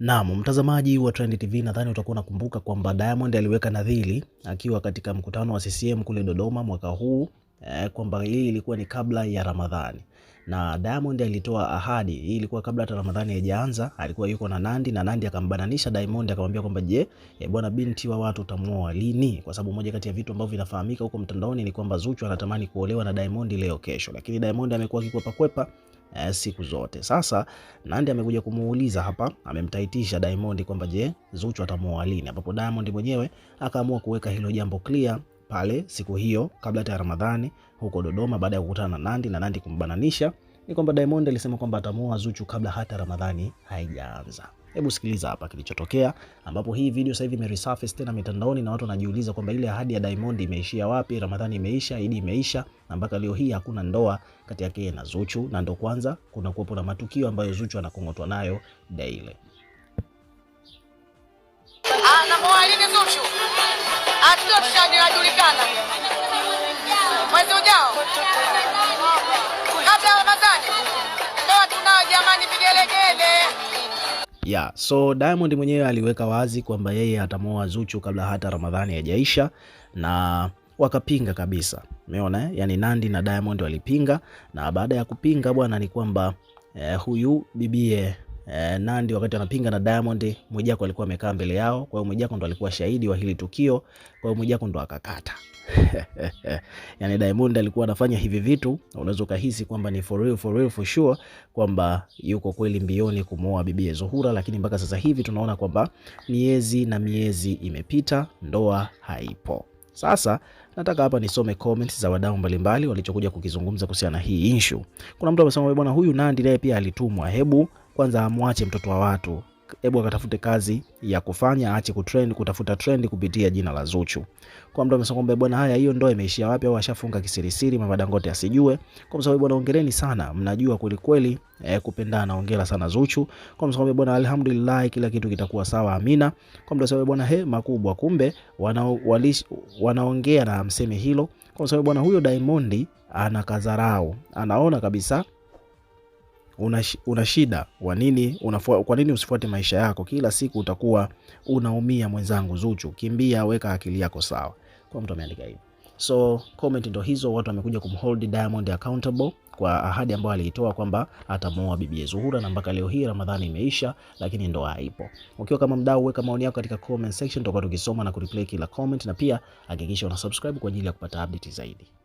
Naam, mtazamaji wa Trend TV, nadhani utakuwa unakumbuka kwamba Diamond aliweka nadhiri akiwa katika mkutano wa CCM kule Dodoma mwaka huu eh, kwamba hii ilikuwa ni kabla ya Ramadhani na Diamond alitoa ahadi hii ilikuwa kabla hata Ramadhani haijaanza. Alikuwa yuko na Nandi na Nandi akambananisha Diamond akamwambia kwamba je, eh, bwana, binti wa watu utamuoa lini? Kwa sababu moja kati ya vitu ambavyo vinafahamika huko mtandaoni ni kwamba Zuchu anatamani kuolewa na Diamond leo kesho, lakini Diamond amekuwa akikwepa kwepa eh, siku zote. Sasa nandi amekuja kumuuliza hapa, amemtaitisha Diamond kwamba je, Zuchu atamuoa lini, ambapo Diamond mwenyewe akaamua kuweka hilo jambo clear pale siku hiyo kabla hata ya Ramadhani huko Dodoma, baada ya kukutana na nandi na nandi kumbananisha ni kwamba Diamond alisema kwamba atamuoa Zuchu kabla hata Ramadhani haijaanza. Hebu sikiliza hapa kilichotokea, ambapo hii video sasa hivi imeresurface tena mitandaoni na watu wanajiuliza kwamba ile ahadi ya Diamond imeishia wapi? Ramadhani imeisha, Idi imeisha, na mpaka leo hii hakuna ndoa kati yake na Zuchu, na ndo kwanza kuna kuwepo na matukio ambayo Zuchu anakong'otwa nayo daily. Mwezi ujao kabla Ramadhani Yeah, so Diamond mwenyewe aliweka wazi kwamba yeye atamoa Zuchu kabla hata Ramadhani hajaisha na wakapinga kabisa. Umeona? Yaani Nandi na Diamond walipinga na baada ya kupinga bwana ni kwamba eh, huyu bibie eh, Nandi wakati anapinga na Diamond, Mwijaku alikuwa amekaa mbele yao. Kwa hiyo Mwijaku ndo alikuwa shahidi wa hili tukio, kwa hiyo Mwijaku ndo akakata. Yani Diamond alikuwa anafanya hivi vitu, unaweza ukahisi kwamba ni for real, for real, for sure kwamba yuko kweli mbioni kumwoa bibi Zuhura, lakini mpaka sasa hivi tunaona kwamba miezi na miezi imepita, ndoa haipo. Sasa nataka hapa nisome comments za wadau mbalimbali walichokuja kukizungumza kuhusiana na hii issue. Kuna mtu amesema bwana, huyu Nandi naye pia alitumwa, hebu kwanza amwache mtoto wa watu, hebu akatafute kazi ya kufanya, aache kutrend, kutafuta trend kupitia jina la Zuchu. Kwa mtu amesema kwamba bwana, haya hiyo ndoa imeishia wapi? Au ashafunga kisirisiri, mama Dangote asijue? Kwa sababu bwana, ongeleni sana, mnajua kweli kweli eh, kupendana. Ongera sana Zuchu. Kwa mtu bwana, alhamdulillah, kila kitu kitakuwa sawa, amina. Kwa mtu asema bwana, he, makubwa kumbe wanaongea wana na mseme hilo. Kwa sababu bwana, huyo Diamond anakadharau, anaona kabisa una shida wa nini? Kwa nini usifuate maisha yako? Kila siku utakuwa unaumia. Mwenzangu Zuchu, kimbia, weka akili yako sawa. Kwa mtu ameandika hivi. So comment ndo hizo, watu wamekuja kumhold Diamond accountable kwa ahadi ambayo aliitoa kwamba atamuoa bibi Zuhura, na mpaka leo hii Ramadhani imeisha, lakini ndoa haipo. Ukiwa kama mdau, weka maoni yako katika comment section, tutakuwa tukisoma na kureply kila comment, na pia hakikisha una subscribe kwa ajili ya kupata update zaidi.